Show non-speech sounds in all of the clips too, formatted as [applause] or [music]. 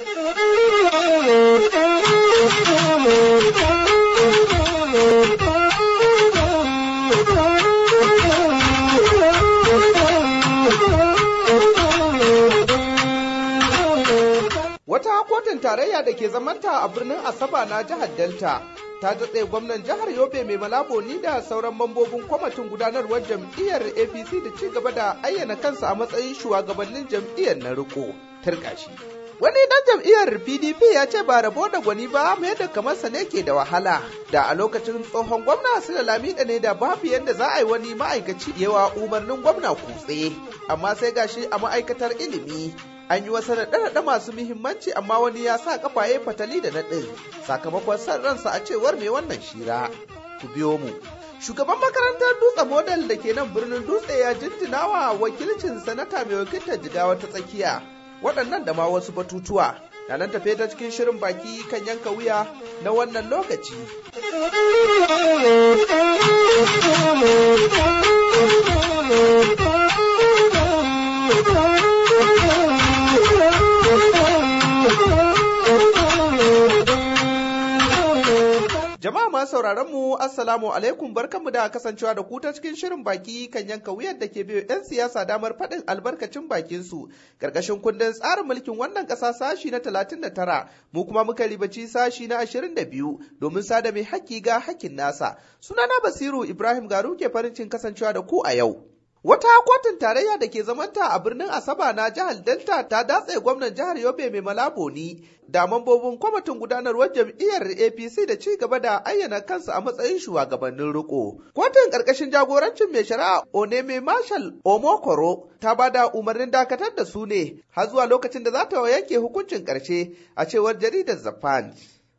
Wata kotun tarayya da ke zamanta a birnin Asaba na jihar Delta ta datse gwamnan jihar Yobe mai malabo ni da sauran mambobin kwamitin gudanarwar jam'iyyar APC da ci gaba da ayyana kansa a matsayin shugabannin jam'iyyar na riko. Tarkashi. Wani dan jam'iyyar PDP ya ce ba rabo da gwani ba mai da kamar sa ne ke da wahala. Da a lokacin tsohon gwamna da Lamida ne da babu yadda za a yi wani ma'aikaci yawa umarnin gwamna kutse. Amma sai gashi a ma'aikatar ilimi an yi wasu naɗe-naɗe masu muhimmanci amma wani ya sa ƙafa ya fatali da naɗin sakamakon son ransa a cewar mai wannan shira. Ku biyo mu. Shugaban makarantar Dutse Model da ke nan birnin Dutse ya jinjina wa wakilcin sanata mai wakiltar jigawa ta tsakiya. waɗannan da ma wasu batutuwa da nan tafe ta cikin shirin baki kan yanka wuya na wannan lokaci. Jama'a ma sauraron mu Assalamu alaikum barkanmu da kasancewa da ku ta cikin shirin baki kan yanka wuyar da ke biyo 'yan siyasa damar faɗin albarkacin bakin su. Karkashin kundin tsarin mulkin wannan ƙasa sashi na 39 mu kuma muka ribaci sashi na 22 domin sada mai haƙƙi ga haƙƙin nasa. Sunana Basiru Ibrahim Garu ke farin cin kasancewa da ku a yau. Wata kotun tarayya da ke zamanta a birnin Asaba na jihar Delta ta datse gwamnan jihar Yobe mai Malaboni da mambobin kwamitin gudanarwar jam'iyyar APC da ci gaba da ayyana kansu a matsayin shugabannin riko. Kotun ƙarƙashin jagorancin mai shari'a Oneme Marshal Omokoro ta ba da umarnin dakatar da su ne har zuwa lokacin da za ta yanke hukuncin ƙarshe a cewar jaridar The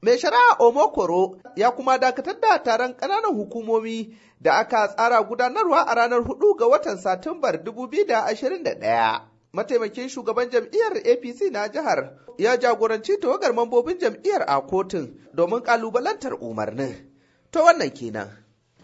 Mai shari'a Omokoro ya kuma dakatar da taron ƙananan hukumomi da aka tsara gudanarwa a ranar 4 ga watan Satumbar 2021. Mataimakin shugaban jam'iyyar APC na jihar ya jagoranci tawagar mambobin jam'iyyar a kotun domin ƙalubalantar umarnin. To wannan kenan.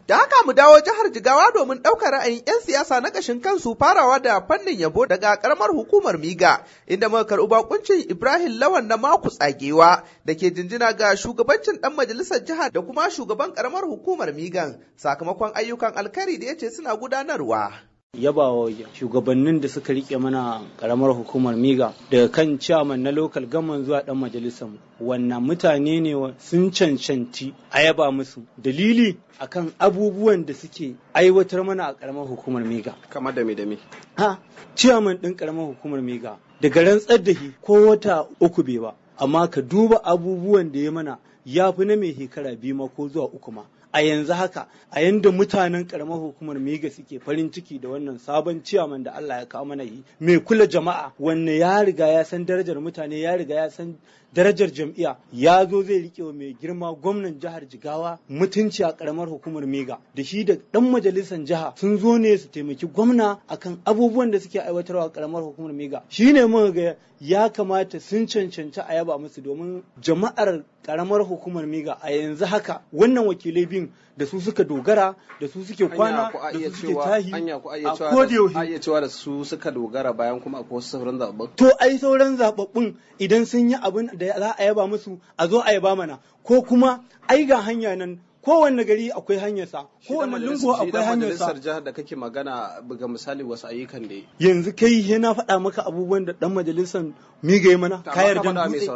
Da haka mu dawo jihar Jigawa domin ɗaukar ra'ayin 'yan siyasa na ƙashin kansu farawa da fannin yabo daga ƙaramar hukumar Miga, inda muka karɓi bakuncin Ibrahim Lawan na Maku Tsagewa da ke jinjina ga shugabancin ɗan majalisar jihar da kuma shugaban ƙaramar hukumar Migan sakamakon ayyukan alkari da ya ce suna gudanarwa. yabawa shugabannin da suka rike mana karamar hukumar miga daga kan ciyaman na lokal gaman zuwa dan majalisar wannan mutane ne sun cancanci a yaba musu dalili akan abubuwan da suke aiwatar mana a karamar hukumar miga kamar da dame ha ciyaman din karamar hukumar miga daga rantsar da ko wata uku bai ba amma ka duba abubuwan da ya mana ya fi na mai hekara biyu ma ko zuwa uku ma a yanzu haka a yanda mutanen karamar hukumar Mega suke farin ciki da wannan sabon ciyaman da Allah ya kawo mana yi mai kula jama'a wanne ya riga ya san darajar mutane ya riga ya san darajar jam'iyya ya zo zai rike wa mai girma gwamnan jihar Jigawa mutunci a karamar hukumar Mega da shi da dan majalisar jiha sun zo ne su taimaki gwamna akan abubuwan da suke aiwatarwa a karamar hukumar Mega Shi ne ga ya kamata sun cancanci a yaba musu domin jama'ar karamar hukumar Mega a yanzu haka wannan wakilai bin da su suka dogara da su suke kwana da su suke tahi a kodiyoshi iya cewa da su suka dogara bayan kuma akwai wasu sauran zababbun to ai sauran zababbun idan sun yi abin da za a yaba musu a zo a yaba mana ko kuma ai ga hanya nan kowane gari akwai hanyarsa kowanne lungu akwai hanyarsa shi jihar da kake magana ga misali wasu ayyukan da yanzu kai he na faɗa maka abubuwan da dan majalisar yi mana ka yarda dutse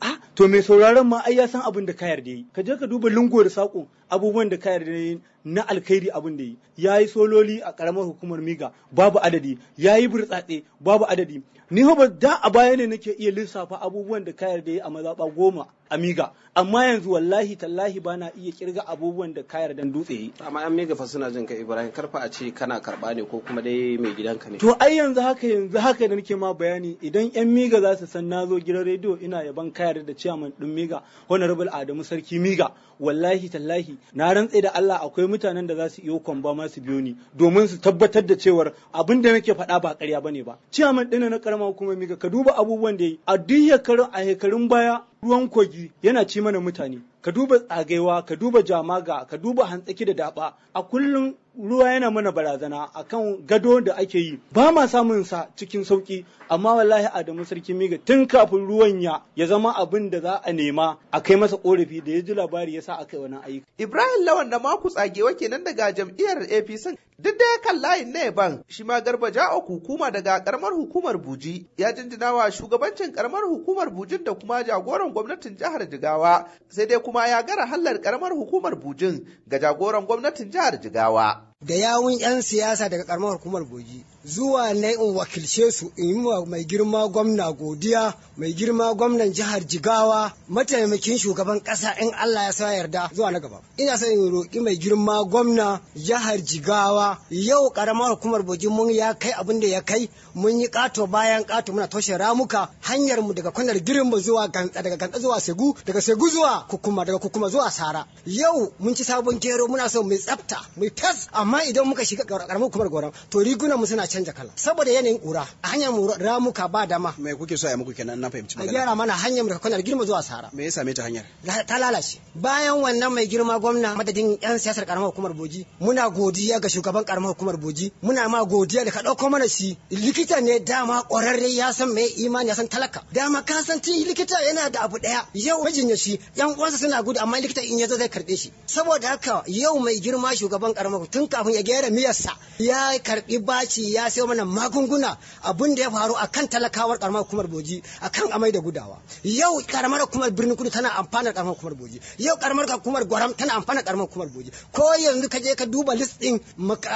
ah, to mai sauraron ma ai ya san abin da ka yarda yi ka je ka duba lungu da sako abubuwan da ka yarda yi na alkhairi abin da yi ya yi sololi a karamar hukumar miga babu adadi ya yi burtsatse babu adadi ni ba da a baya ne nake iya lissafa abubuwan da ka yarda yi a mazaɓa goma a miga amma yanzu wallahi tallahi ba na iya kirga abubuwan da ka yarda dutse yi amma an miga fa suna jin ka ibrahim karfa a ce kana karba ne ko kuma dai mai gidanka ne to ai yanzu haka yanzu haka da nake ma bayani idan yan miga za su san nazo gidan rediyo ina yaban ka da ciyaman din miga honorable adamu sarki miga wallahi tallahi na rantse da Allah akwai mutanen da za su iya kwamba masu su biyo ni domin su tabbatar da cewar abin da nake faɗa ba ƙarya ne ba ciyaman ɗina na karama hukumar mika ka duba abubuwan da ya yi a duk a baya ruwan kogi yana ci mana mutane ka duba tsagaiwa ka duba jamaga ka duba hantsaki da daɓa. a kullum ruwa yana mana barazana a kan gado da ake yi ba ma samun sa cikin sauki amma wallahi Adamu sarki miga tun kafin ruwan ya ya zama abin da za a nema a kai masa korafi da ya ji labari ya sa aka yi wannan aiki Ibrahim Lawan da Maku Tsagewa kenan daga jam'iyyar APC duk da ya kan layin na yaban shi ma garba ja'o hukuma daga karamar hukumar Buji ya jinjina wa shugabancin karamar hukumar Bujin da kuma jagoran gwamnatin jihar Jigawa sai dai kuma ya gara hallar karamar hukumar Bujin ga jagoran gwamnatin jihar Jigawa da yawun 'yan siyasa daga karamar hukumar goji zuwa na in wakilce su in yi mai girma gwamna godiya mai girma gwamnan jihar jigawa mataimakin shugaban kasa in allah ya sa yarda zuwa na gaba ina son in roƙi mai girma gwamna jihar jigawa yau karamar hukumar bojin mun ya kai abin da ya kai mun yi ƙato bayan ƙato muna toshe ramuka hanyar mu daga kwanar girin mu zuwa gantsa daga gantsa zuwa segu daga segu zuwa kukuma daga kukuma zuwa sara yau mun ci sabon gero muna so mu tsafta mu tas amma idan muka shiga karamar hukumar gwaram to rigunan mu suna canja kala saboda yanayin ƙura a hanyar ramuka ba dama mai kuke so a muku kenan na fahimci magana a gyara mana hanyar daga kwanar girma zuwa sara. me ya same ta hanyar ta lalace bayan wannan mai girma gwamna madadin yan siyasar karamar hukumar boji muna godiya ga shugaban karamar hukumar boji muna ma godiya da ka ɗauko mana shi likita ne dama ƙwararre ya san mai imani ya san talaka dama ka san tun likita yana da abu daya. yau mijin ya shi yan uwansa suna gudu amma likita in ya zo zai karɓe shi saboda haka yau mai girma shugaban karamar tun kafin ya gyara miyarsa ya karɓi baci ya ya sayo mana magunguna abin da ya faru kan talakawar karamar hukumar boji kan amai da gudawa yau karamar hukumar birnin kudu tana amfana karamar hukumar boji yau karamar hukumar gwaram tana amfana karamar hukumar boji ko yanzu ka je ka duba list din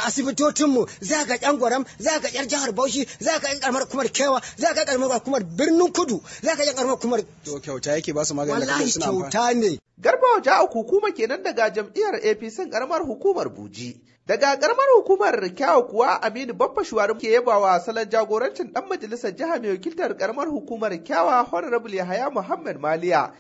asibitocin mu za ka yan gwaram za ka yar jihar Bauchi za ka yan karamar hukumar Kewa za ka karamar hukumar birnin kudu za ka yan karamar hukumar to kyauta yake ba su magani wallahi kyauta ne garba wajen hukuma kenan daga jam'iyyar APC karamar hukumar Buji Daga karamar hukumar kyawu kuwa Aminu Baffa Shuwarin ke wa salon jagorancin ɗan majalisar jiha mai wakiltar karamar hukumar kyawa Honorable Yahaya Muhammad Maliya.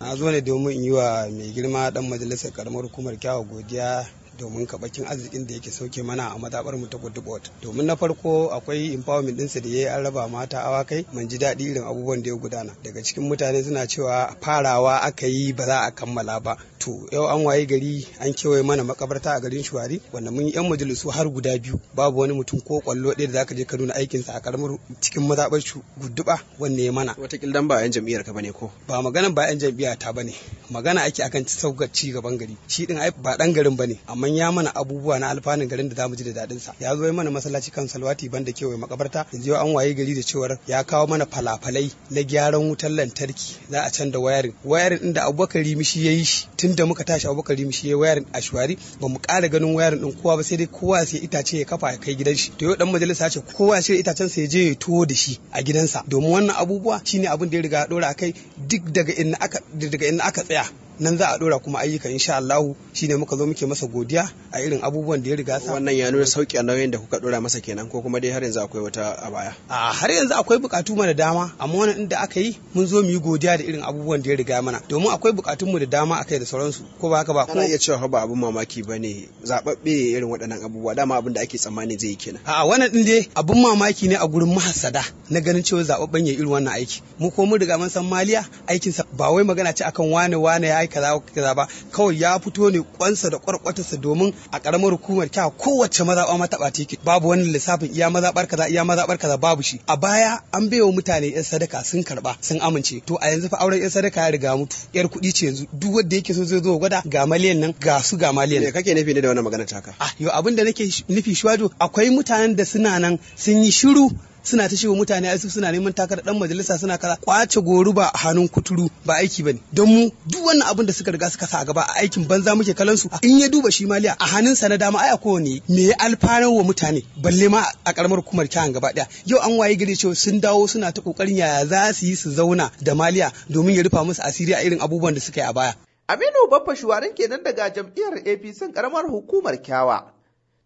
Na zo ne domin in yi wa mai girma ɗan majalisar karamar hukumar kyawa godiya domin kabakin arzikin da yake sauke mana a madabar mu ta Godbot domin na farko akwai empowerment ɗinsa da yayi an raba mata awakai mun ji daɗi irin abubuwan da ya gudana daga cikin mutane suna cewa farawa aka yi ba za a kammala ba to yau an waye gari an kewaye mana makabarta a garin Shuwari wanda mun yan majalisu har guda biyu babu wani mutum ko kwallo ɗaya da zaka je ka nuna aikinsa a karamar cikin mazaɓar gudduba wanne ya mana watakila dan ba yan jam'iyyar ka bane ko ba magana ba yan jam'iyyar ta bane magana ake akan ci gaban gari shi din ai ba dan garin bane amma an ya mana abubuwa na alfanun garin da zamu ji da dadin sa ya zo mana masallaci kan salwati banda kewaye makabarta yanzu an waye gari da cewar ya kawo mana falafalai na gyaran wutar lantarki za a canza wayarin wayarin din da abubakar rimishi ya yi shi tun muka tashi abubakar rimishi ya yi wayarin a shuwari ba mu ganin wayarin din kowa ba sai dai kowa sai itace ya kafa ya kai gidan shi to yau dan majalisa ce kowa sai itacen sa ya je ya tuwo da shi a gidansa domin wannan abubuwa shine abin da ya riga dora akai duk daga inna aka daga inna aka tsaya nan za a dora kuma ayyuka insha Allah shine muka zo muke masa godiya a irin abubuwan da ya riga sa wannan ya nuna sauki nauyin da kuka dora masa kenan ko kuma dai har yanzu akwai wata a baya a har yanzu akwai bukatu mana dama amma wannan inda aka yi mun zo mu yi godiya da irin abubuwan da ya riga mana domin akwai bukatun mu da dama akai da sauransu ko ba haka ba ko iya cewa ba abun mamaki bane zababbe irin waɗannan abubuwa dama abin da ake tsammani zai yi kenan a wannan din dai abun mamaki ne a gurin mahassada na ganin cewa zababben ya irin wannan aiki mu ko mun riga mun san maliya aikin sa ba wai magana ce akan wane wane ya kaza kaza ba kawai ya fito ne kwansa da kwarkwatarsa domin a karamar hukumar kya kowace mazaɓa mata ɓata yake babu wani lissafin iya mazaɓar kaza iya mazaɓar kaza babu shi a baya an baiwa mutane yan sadaka sun karba sun amince to a yanzu fa auren yan sadaka ya riga mutu yar kuɗi ce yanzu duk wanda yake so zai zo gwada ga maliyan nan ga su ga maliyan ne kake nufi ne da wannan magana taka ah yo abin da nake nufi shwajo akwai mutanen da suna nan sun yi shiru suna ta shigo mutane asibiti suna neman takarar dan majalisa suna kaza kwace goruba a hannun kuturu ba aiki bane don mu duk wannan abin da suka riga suka sa a gaba a aikin banza muke kallon su in ya duba shi maliya a hannun sa na dama ai kowane me ya alfanar wa mutane balle ma a karamar hukumar kyan gaba daya yau an waye gare cewa sun dawo suna ta kokarin yaya za su yi su zauna da maliya domin ya rufa musu asiri a irin abubuwan da suka yi a baya Aminu Baffa Shuwarin kenan daga jam'iyyar APC karamar hukumar Kyawa.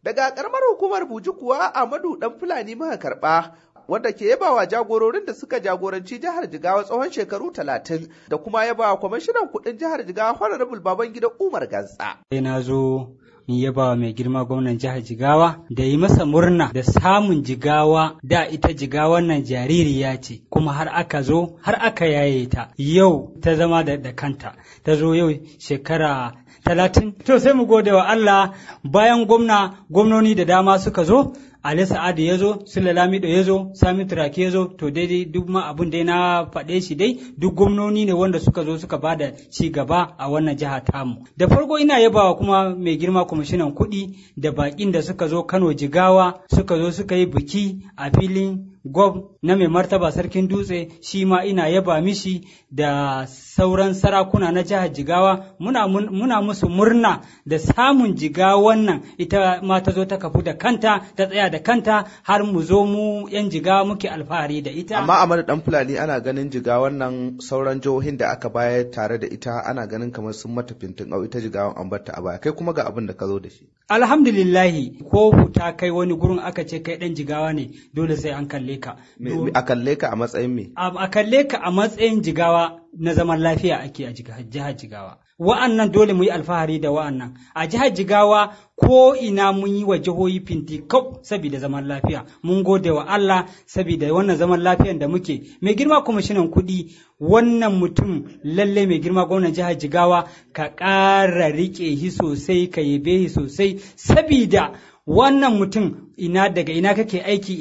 Daga karamar hukumar Buji kuwa Amadu Dan Fulani muka karɓa wanda ke yabawa jagororin da suka jagoranci jihar Jigawa tsawon shekaru talatin da kuma yabawa kwamishinan kuɗin jihar Jigawa Honorable gida Umar Gansa. Sai na zo in yaba wa mai girma gwamnan jihar Jigawa da yi masa murna da samun Jigawa da ita Jigawa nan jaririya ce kuma har aka zo har aka yaye ta yau ta zama da kanta ta zo yau shekara talatin to sai mu gode wa Allah bayan gwamna gwamnoni da dama suka zo Ali Sa'ad ya zo, Sule Lamido ya zo, Sami Turaki ya zo, to daidai duk ma abin dai na faɗe shi dai duk gwamnoni ne wanda suka zo suka bada ci gaba a wannan jiha tamu. Da farko ina yabawa kuma mai girma kwamishinan kuɗi da baƙin da suka zo Kano Jigawa suka zo suka yi biki a filin Gob na mai martaba sarkin dutse shi ma ina yaba mishi da sauran sarakuna na jihar Jigawa muna, musu murna da samun Jigawa wannan ita ma ta zo ta kafu da kanta ta tsaya da kanta har mu zo mu yan jiga muke alfahari da ita amma a madadin fulani ana ganin jiga wannan sauran jihohin da aka bayar tare da ita ana ganin kamar sun mata fintin au ita jigawan an a baya kai kuma ga abin da ka zo da shi alhamdulillahi ko ta kai wani gurin aka ce kai dan jigawa ne dole sai an kalle ka a kalle ka a matsayin me a kalle ka a matsayin jigawa na zaman lafiya ake a jihar jigawa wa'annan dole mu yi alfahari da wa'annan a jihar jigawa ko ina mun yi wa jihohi finti kau saboda zaman lafiya mun gode wa Allah saboda wannan zaman lafiyan da muke mai girma kwamishinan kuɗi wannan mutum lalle mai girma gwamnan jihar jigawa ka ƙara riƙe hi sosai ka yabe hi sosai saboda wannan mutum ina daga ina kake aiki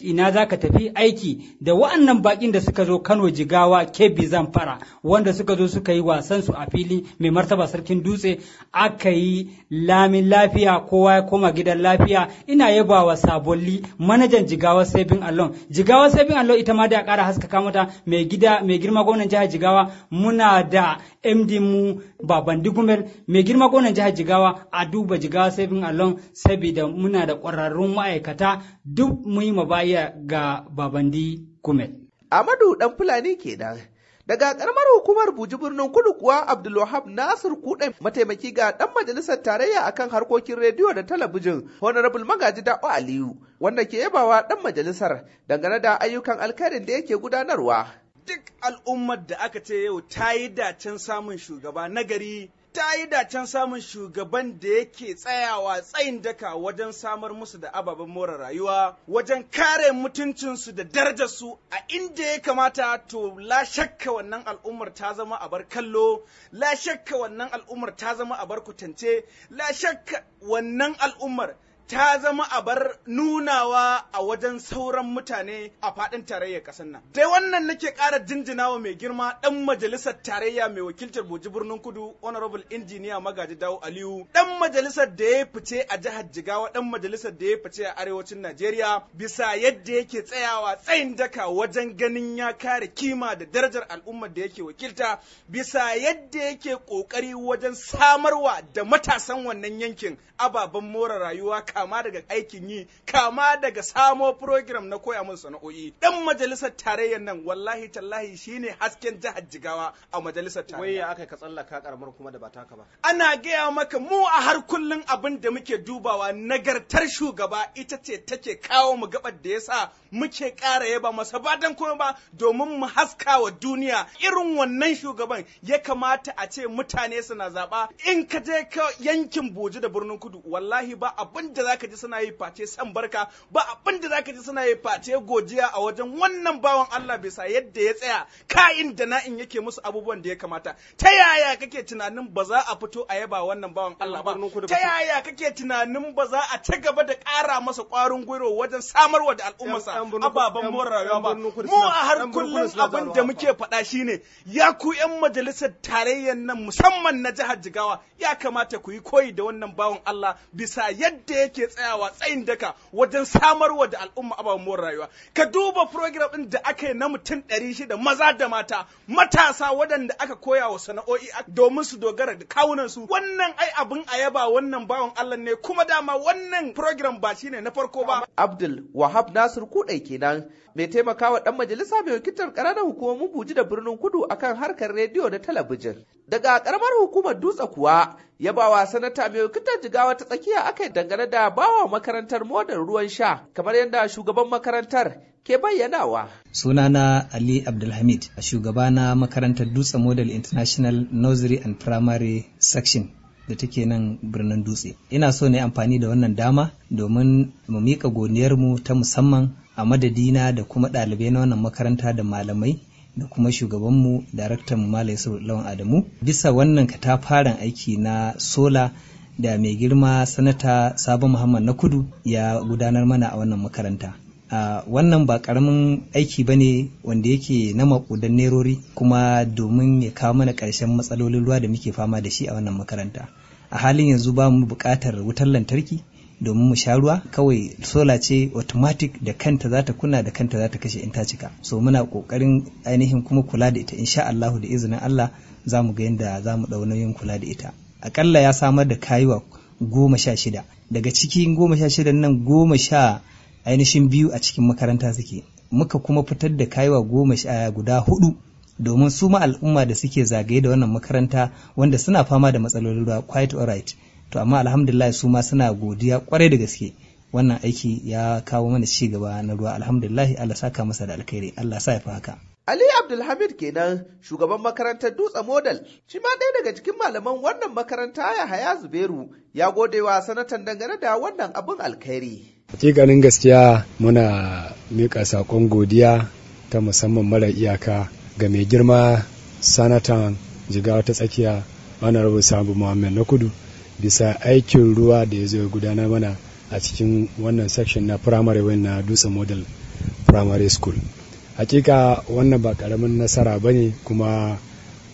ina za zaka tafi aiki da wa'annan bakin da suka zo Kano Jigawa Kebbi Zamfara wanda suka zo suka yi wasan su a fili mai martaba sarkin dutse aka yi lamin lafiya kowa ya koma gidan lafiya ina yaba wa sabolli manajan Jigawa Saving Alone Jigawa Saving Alone ita ma da ƙara haskaka mata mai gida mai girma gwamnan jihar Jigawa muna da MD mu Baban Digumel mai girma gwamnan jihar Jigawa a duba Jigawa Saving Alone saboda muna da ƙwararrun ma'aikata duk muyi baya ga babandi kume. Amadu ɗan Fulani kenan. Daga ƙaramar hukumar Buji birnin kudu kuwa Abdulwahab Nasir Kuɗe mataimaki ga ɗan majalisar tarayya akan harkokin rediyo da talabijin Honorable Magaji Da'o Aliyu wanda ke yabawa ɗan majalisar dangane da ayyukan alkarin da yake gudanarwa. Duk al'ummar da aka ce yau ta yi dacen samun shugaba nagari ta yi dacen samun shugaban da yake tsayawa tsayin daka wajen samar musu da ababen more rayuwa wajen kare mutuncinsu da darajarsu a inda ya kamata to la shakka wannan al'ummar ta zama a kallo la shakka wannan al'ummar ta zama a bar kutance la shakka wannan al'ummar ta zama a bar nunawa a wajen sauran mutane a faɗin tarayyar ƙasar nan. Dai wannan nake ƙara jinjinawa mai girma ɗan majalisar tarayya mai wakiltar Boji Birnin Kudu Honorable Injiniya Magaji Dawo Aliyu, ɗan majalisar da ya fice a jihar Jigawa, dan majalisar da ya fice a arewacin Najeriya bisa yadda yake tsayawa tsayin daka wajen ganin ya kare kima da darajar al'ummar da yake wakilta bisa yadda yake ƙoƙari wajen samarwa da matasan wannan yankin ababen more rayuwa kama daga aikin yi kama daga samo program na koya mun sana'o'i dan majalisar tarayyar nan wallahi tallahi shine hasken jihar jigawa a majalisar tarayya wai aka ka tsallaka karamar kuma da ba taka ba ana gaya maka mu a har kullun abin da muke dubawa nagartar shugaba ita ce take kawo mu gabar da yasa muke ƙara yaba masa ba dan kuma ba domin mu haska wa duniya irin wannan shugaban ya kamata a ce mutane suna zaba in ka je ka yankin Boji da birnin Kudu wallahi ba abin da ka ji suna yi face san barka ba abin da zaka ji suna yi face godiya a wajen wannan bawan Allah bisa yadda ya tsaya ka'in da na'in yake musu abubuwan da ya kamata ta yaya kake tunanin ba za a fito a yaba wannan bawan Allah ba ta yaya kake tunanin ba za a ci gaba da ƙara masa ƙwarin gwiwa wajen samarwa da al'ummarsa ababen more rayuwa ba mu a har kullum abin da muke faɗa shine ya ku 'yan majalisar tarayyar nan musamman na jihar Jigawa ya kamata ku yi koyi da wannan bawan Allah bisa yadda yake ke tsayawa tsayin daka wajen samarwa da al'umma ababen more rayuwa ka duba program din da aka yi na mutum ɗari shida maza da mata matasa waɗanda aka koya wa sana'o'i domin su dogara da kawunan su wannan ai abin a yaba wannan bawan Allah ne kuma dama wannan program ba shi ne na farko ba Abdul Wahab Nasir Kudai kenan mai taimakawa ɗan majalisa mai wakiltar ƙananan hukumomin Buji da Birnin Kudu akan harkar rediyo da talabijin daga ƙaramar hukumar Dutse kuwa wa sanata mai wakiltar jigawa ta tsakiya aka yi dangane da bawa makarantar modar ruwan sha kamar yadda shugaban makarantar ke bayyanawa. Sunana Ali Abdulhamid, shugaba na makarantar Dutse Model International Nursery and Primary Section da take nan birnin Dutse. Ina so na amfani da wannan dama domin mu miƙa goniyarmu ta musamman a madadina da kuma ɗalibai na wannan makaranta da malamai da kuma shugabanmu daraktan Malam Yusuf Lawan Adamu bisa wannan katafaren aiki na sola da mai girma sanata Sabo Muhammad na Kudu ya gudanar mana a wannan makaranta. a wannan ba ƙaramin aiki ba ne wanda yake na makudan nerori kuma domin ya kawo mana ƙarshen matsalolin ruwa da muke fama da shi a wannan makaranta. a halin yanzu ba mu buƙatar wutar lantarki domin mu sha ruwa kawai sola ce automatic da kanta za ta kunna da kanta za ta kashe in ta cika so muna kokarin ainihin kuma kula da ita insha Allah da izinin Allah za mu ga yadda za mu ɗau nauyin kula da ita akalla ya samar da kayuwa goma sha shida daga cikin goma sha shida nan goma sha ainihin biyu a cikin makaranta suke muka kuma fitar da kayuwa goma sha eh, guda hudu domin su ma al'umma da suke zagaye da wannan makaranta wanda suna fama da matsalolin ruwa quite alright to amma alhamdulillah su ma suna godiya kwarai da gaske wannan aiki ya kawo mana ci gaba na ruwa alhamdulillah Allah saka masa da alkhairi Allah sa ya fi haka Ali Abdulhamid kenan shugaban makarantar Dutse Model shi ma ɗaya daga cikin malaman wannan makaranta ya haya Zuberu ya gode wa sanatan dangane da wannan abin alkhairi. Hakikanin gaskiya muna miƙa saƙon godiya ta musamman mara iyaka ga mai girma sanatan jigawa ta tsakiya honorable sabu Muhammad na kudu bisa aikin ruwa da ya zo gudana mana a cikin wannan section na primary wani na dutse model primary school hakika wannan ba karamin nasara ba ne kuma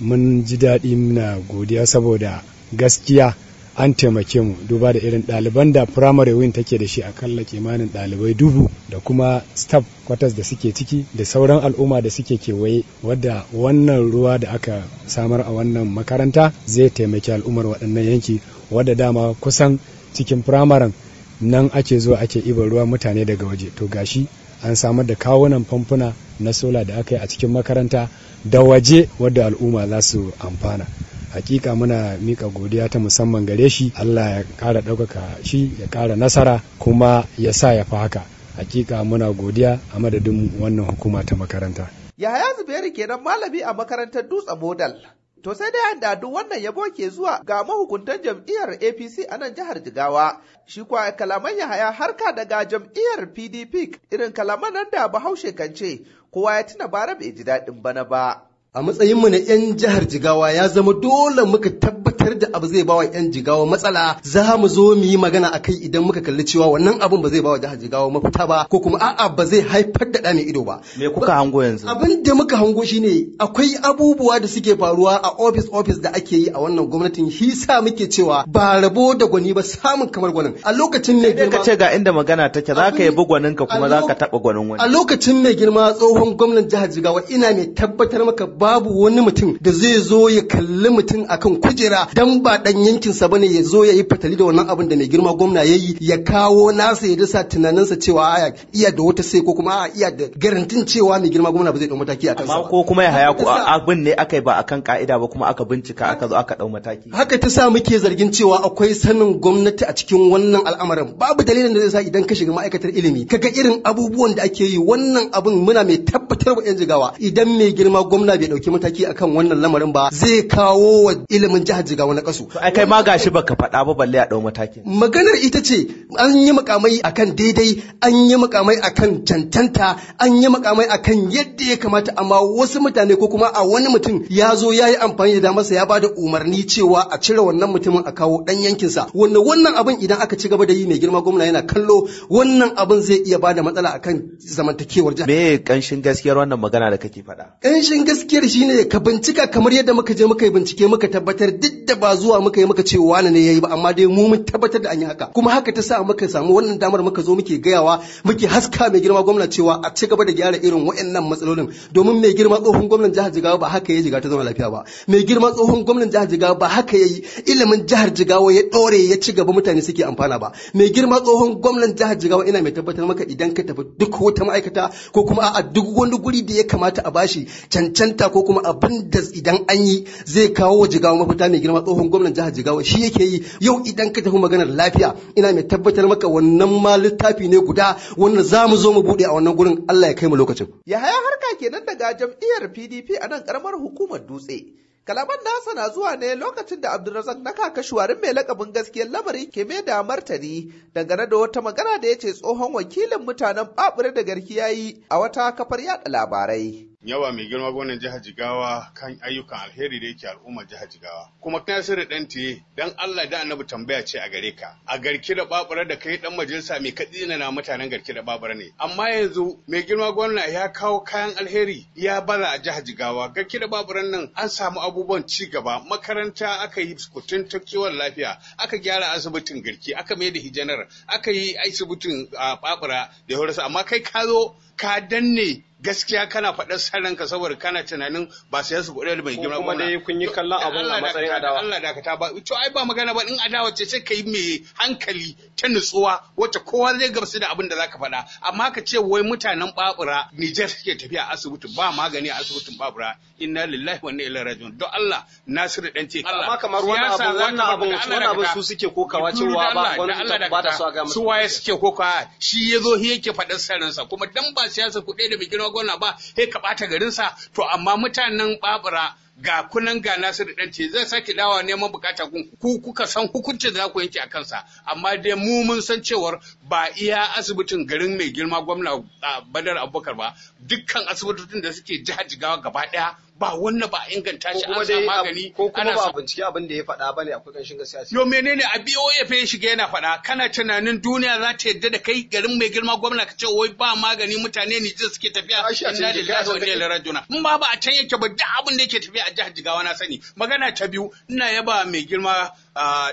mun ji daɗi muna godiya saboda gaskiya an taimake mu duba da irin ɗaliban da primary win take da shi a akalla kimanin ɗalibai dubu da kuma staff quarters da suke ciki da sauran al'umma da suke kewaye wadda wannan ruwa da aka samar a wannan makaranta zai taimaki al'ummar waɗannan yanki wadda dama kusan cikin firamaren nan ake zuwa ake ibar ruwa mutane daga waje to gashi an samar da kawunan famfuna na sola da aka yi a cikin makaranta da waje wadda al'umma za su amfana hakika muna mika godiya ta musamman gare shi allah ya kara ɗaukaka shi ya kara nasara kuma ya sa ya fi haka hakika muna godiya a madadin wannan hukuma ta makaranta yahaya zubairu kenan malami a makarantar dutse modal To sai dai da duk wannan yabo ke zuwa ga mahukuntan jam'iyyar APC a nan jihar Jigawa. Shi kuwa kalaman Yahaya harka daga jam'iyyar PDP irin kalaman nan da Bahaushe kan ce, kowa ya tuna bara bai ji daɗin bana ba. A matsayinmu na 'yan jihar Jigawa ya zama dole muka tabbata. tabbatar da abu zai bawa yan jigawa matsala za mu zo mu yi magana a kai idan muka kalli cewa wannan abun ba zai bawa jihar jigawa mafita ba ko kuma a'a ba zai haifar da ɗani ido ba me kuka hango yanzu abin da muka hango ne. akwai abubuwa da suke faruwa a office office da ake yi a wannan gwamnatin shi sa muke cewa ba rabo da gwani ba samun kamar gwanin a lokacin ne girma ka ce ga inda magana take za ka yabi gwanin ka kuma za ka taɓa gwanin wani a lokacin mai girma tsohon gwamnan jihar Jigawa ina mai tabbatar maka babu wani mutum da zai zo ya kalli mutum akan kujera dan ba dan yankin sa bane ya zo ya yi fatali da wannan abin da mai girma gwamna yi ya kawo nasa ya dasa tunaninsa cewa a iya da wata sai ko kuma a iya da garantin cewa mai girma gwamna ba zai dau mataki a kansa ko kuma ya haya ku abin ne aka ba akan ka'ida ba kuma aka bincika aka zo aka dau mataki haka ta sa muke zargin cewa akwai sanin gwamnati a cikin wannan al'amarin babu dalilin da zai sa idan ka shiga ma'aikatar ilimi kaga irin abubuwan da ake yi wannan abin muna mai tabbatar wa 'yan jigawa idan mai girma gwamna bai dauki mataki akan wannan lamarin ba zai kawo wa ilimin jihar jigawa shiga na kasu. ai kai ma gashi baka faɗa ba balle a ɗau matakin. Maganar ita ce an yi makamai akan daidai, an yi makamai akan cancanta, an yi makamai akan yadda ya kamata amma wasu mutane ko kuma a wani mutum ya zo ya yi amfani da damarsa ya bada umarni cewa a cire wannan mutumin a kawo ɗan yankinsa. Wanda wannan abin idan aka ci gaba da yi mai girma gwamna yana kallo wannan abin zai iya bada matsala akan zamantakewar jihar. Me kanshin gaskiyar wannan magana da kake faɗa? Kanshin gaskiyar shine ka bincika kamar yadda muka je muka yi bincike muka tabbatar duk da ba zuwa muka yi muka ce wani ne yayi ba amma dai mu mun tabbatar da an yi haka kuma haka ta sa muka samu wannan damar muka zo muke gayawa muke haska mai girma gwamna cewa a ci gaba da gyara irin waɗannan matsalolin domin mai girma tsohon gwamnan jihar Jigawa ba haka yayi jiga ta zama lafiya ba mai girma tsohon gwamnan jihar Jigawa ba haka yayi ilimin jihar Jigawa ya dore ya ci gaba mutane suke amfana ba mai girma tsohon gwamnan jihar Jigawa ina mai tabbatar maka idan ka tafi duk wata ma'aikata ko kuma a duk wani guri da ya kamata a bashi cancanta ko kuma abin da idan an yi zai kawo jigawa mafita mai girma tsohon gwamnan jihar Jigawa shi yake yi yau idan ka tafi maganar lafiya ina mai tabbatar maka wannan ma littafi ne guda wannan za mu zo mu bude a wannan gurin Allah ya kai mu lokacin. Yahaya harka kenan daga jam'iyyar PDP a nan karamar hukumar dutse. Kalaman nasa na zuwa ne lokacin da Abdulrazak na kaka shuwarin mai lakabin gaskiyar lamari ke mai da martani dangane da wata magana da ya ce tsohon wakilin mutanen babure da garki yayi a wata kafar yada labarai. yawa mai girma gwamnan jihar Jigawa kan ayyukan alheri da yake al'ummar jihar Jigawa. Kuma kana da dan tiye dan Allah da Annabi tambaya ce a gare ka. A garki da babura da kai dan majalisa mai katsi na mutanen garki da babura ne. Amma yanzu mai girma gwamna ya kawo kayan alheri ya bala a jihar Jigawa. Garki da baburan nan an samu abubuwan ci gaba makaranta aka yi kutun ta kiwon lafiya aka gyara asibitin garki aka mai da hijanar aka yi asibitin a ah, babura da horasa amma kai ka zo ka danne gaskiya kana faɗar saran ka saboda kana tunanin ba su yasu kuɗi mai girma kuma dai kun yi kallon abun a matsayin adawa Allah da ka ta ba to ai ba magana ba in adawa ce sai yi mai hankali ta nutsuwa wacce kowa zai gamsu da abin da zaka faɗa amma ka ce wai mutanen babura Nijar suke tafiya asibiti ba magani a asibitin babura inna lillahi wa inna ilaihi raji'un don Allah Nasiru dan ce amma kamar wannan abu wannan abu wannan abu su suke kokawa cewa ba gwamnati ba ta so a ga musu su waye suke kokawa shi yazo yake faɗar saransa kuma dan ba siyasa kuɗi da mai girma gwamna ba sai ka ɓata garinsa to amma mutanen babura ga kunan ga Nasiru dan ce zai sake dawa neman bukata ku kuka san hukuncin da za ku yanke a kansa amma dai mu mun san cewar ba iya asibitin garin mai girma gwamna Badar Abubakar ba dukkan asibitocin da suke jihar Jigawa gaba daya ba wannan ba inganta shi an sa magani ko kuma ba bincike abin da ya faɗa a akwai shiga gaskiya yo menene a BOF ya shiga yana faɗa kana tunanin duniya za ta yadda da kai garin mai girma gwamna ka ce wai ba magani mutane ne jin suke tafiya inna lillahi wa inna ilaihi raji'un mun ba ba a can yake ba duk abin da yake tafiya a jihar Jigawa na sani magana ta biyu ina yaba mai girma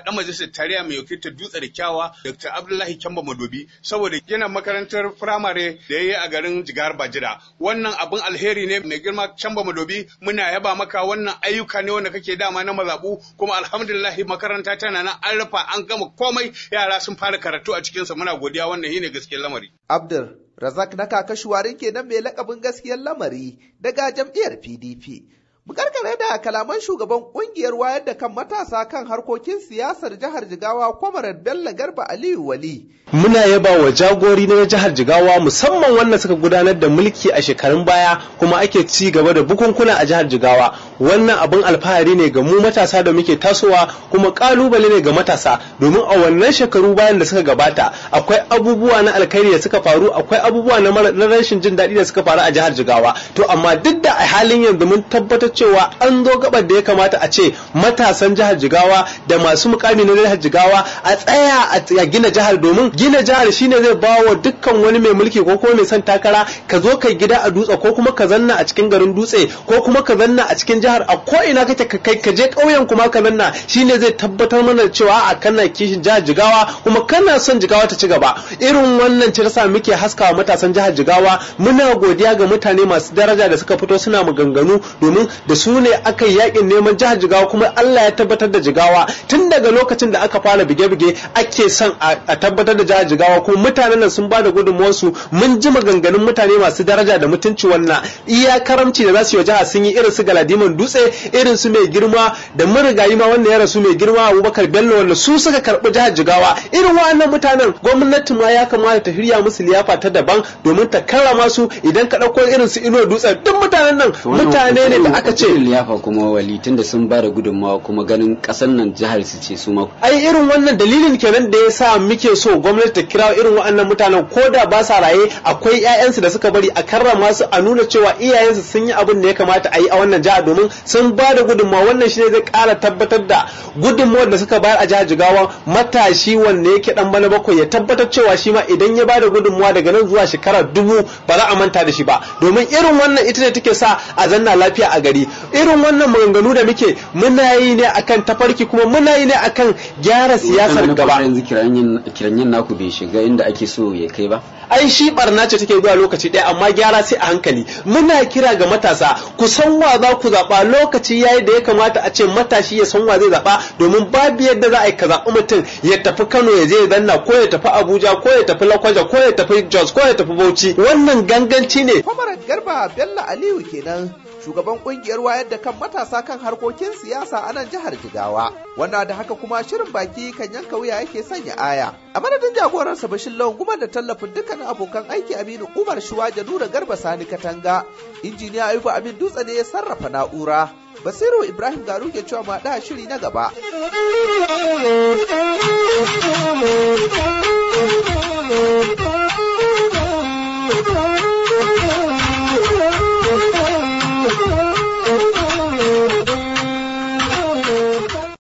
dan majalisar tarayya mai wakiltar dutse da kyawa Dr. Abdullahi Kyamba Madobi saboda yana makarantar firamare da ya yi a garin Jigar Bajira. Wannan abin alheri ne mai girma Kyamba Madobi muna yaba maka wannan ayyuka ne wanda kake dama na mazabu kuma alhamdulillah makaranta tana na an rufa an gama komai yara sun fara karatu a cikinsa muna godiya wannan shine gaskiyar lamari. Abdul Razak na kakashuwarin kenan mai lakabin gaskiyar lamari daga jam'iyyar PDP. Mu karkare da kalaman shugaban kungiyar wayar da kan matasa kan harkokin siyasar jihar Jigawa Kwamarar Bello Garba Aliyu Wali. Muna yaba wa jagori na jihar Jigawa musamman wanda suka gudanar da mulki a shekarun baya kuma ake ci gaba da bukunkuna a jihar Jigawa. Wannan abin alfahari ne ga mu matasa da muke tasowa kuma kalubale ne ga matasa domin a wannan shekaru bayan da suka gabata akwai abubuwa na alkhairi da suka faru akwai abubuwa na rashin jin daɗi da suka faru a jihar Jigawa. To amma duk da a halin yanzu mun tabbatar cewa an zo gabar da ya kamata a ce matasan jihar Jigawa da masu mukami na jihar Jigawa a tsaya a gina jihar domin gina jihar shine zai ba wa dukkan wani mai mulki ko kuma mai son takara ka zo kai gida a dutse ko kuma ka zanna a cikin garin dutse ko kuma ka zanna a cikin jihar a ko ina kake ka kai ka je ƙauyen kuma ka zanna shine zai tabbatar mana cewa a kana kishin jihar Jigawa kuma kana son Jigawa ta ci gaba irin wannan ce sa muke haskawa matasan jihar Jigawa muna godiya ga mutane masu daraja da suka fito suna maganganu domin da su ne aka yi yakin neman jihar jigawa kuma Allah ya tabbatar da jigawa tun daga lokacin da aka fara bige-bige ake son a tabbatar da jihar jigawa kuma mutanen nan sun ba da su mun ji maganganun mutane masu daraja da mutunci wannan iya karamci da za su yi wa jihar sun yi irin su galadiman dutse irin su mai girma da marigayi ma wannan ya rasu mai girma abubakar bello wanda su suka karɓi jihar jigawa irin wa'annan mutanen gwamnati ma ya kamata ta hirya musu liyafa ta daban domin ta karrama su idan ka ɗauko irin su ino dutse duk mutanen nan mutane ne da aka ka ce liyafa kuma wali tunda sun ba da gudunmawa kuma ganin kasan nan jihar su ce su ma ai irin wannan dalilin kenan da ya sa muke so gwamnati ta kira irin waɗannan mutanen ko da ba sa raye akwai 'ya'yansu da suka bari a karrama su a nuna cewa iyayensu sun yi abin da ya kamata a yi a wannan jihar domin sun ba da gudunmawa wannan shine zai ƙara tabbatar da gudunmawar da suka bayar a jihar Jigawa matashi wanda yake dan bana bakwai ya tabbatar cewa shi ma idan ya ba da gudunmawa daga nan zuwa shekara dubu ba za a manta da shi ba domin irin wannan ita ne take sa a zanna lafiya a gari gari irin wannan maganganu da muke muna yi ne akan tafarki kuma muna yi ne akan gyara siyasar gaba yanzu kiran yin naku bai shiga inda ake so ya kai ba ai shi barna ce take zuwa lokaci ɗaya amma gyara sai a hankali muna kira ga matasa ku san wa za ku zaɓa lokaci yayi da ya kamata a ce matashi ya san wa zai zaɓa domin babu yadda za a yi ka mutum ya tafi Kano ya je zanna ko ya tafi Abuja ko ya tafi Lakwaja ko ya tafi Jos ko ya tafi Bauchi wannan ganganci ne. Kwamarar Garba Bello Aliyu kenan shugaban kungiyar wayar da kan matasa kan harkokin siyasa a nan jihar Jigawa. Wanda da haka kuma shirin baki kan yanka wuya yake sanya aya. A madadin jagoran bashin Lawan da tallafin dukkan abokan aiki Aminu Umar Shuwa Nura Garba Sani Katanga. Injiniya Ayuba Amin Dutse ne ya sarrafa na'ura. Basiru Ibrahim Garu ke cewa ma da shiri na gaba. [laughs]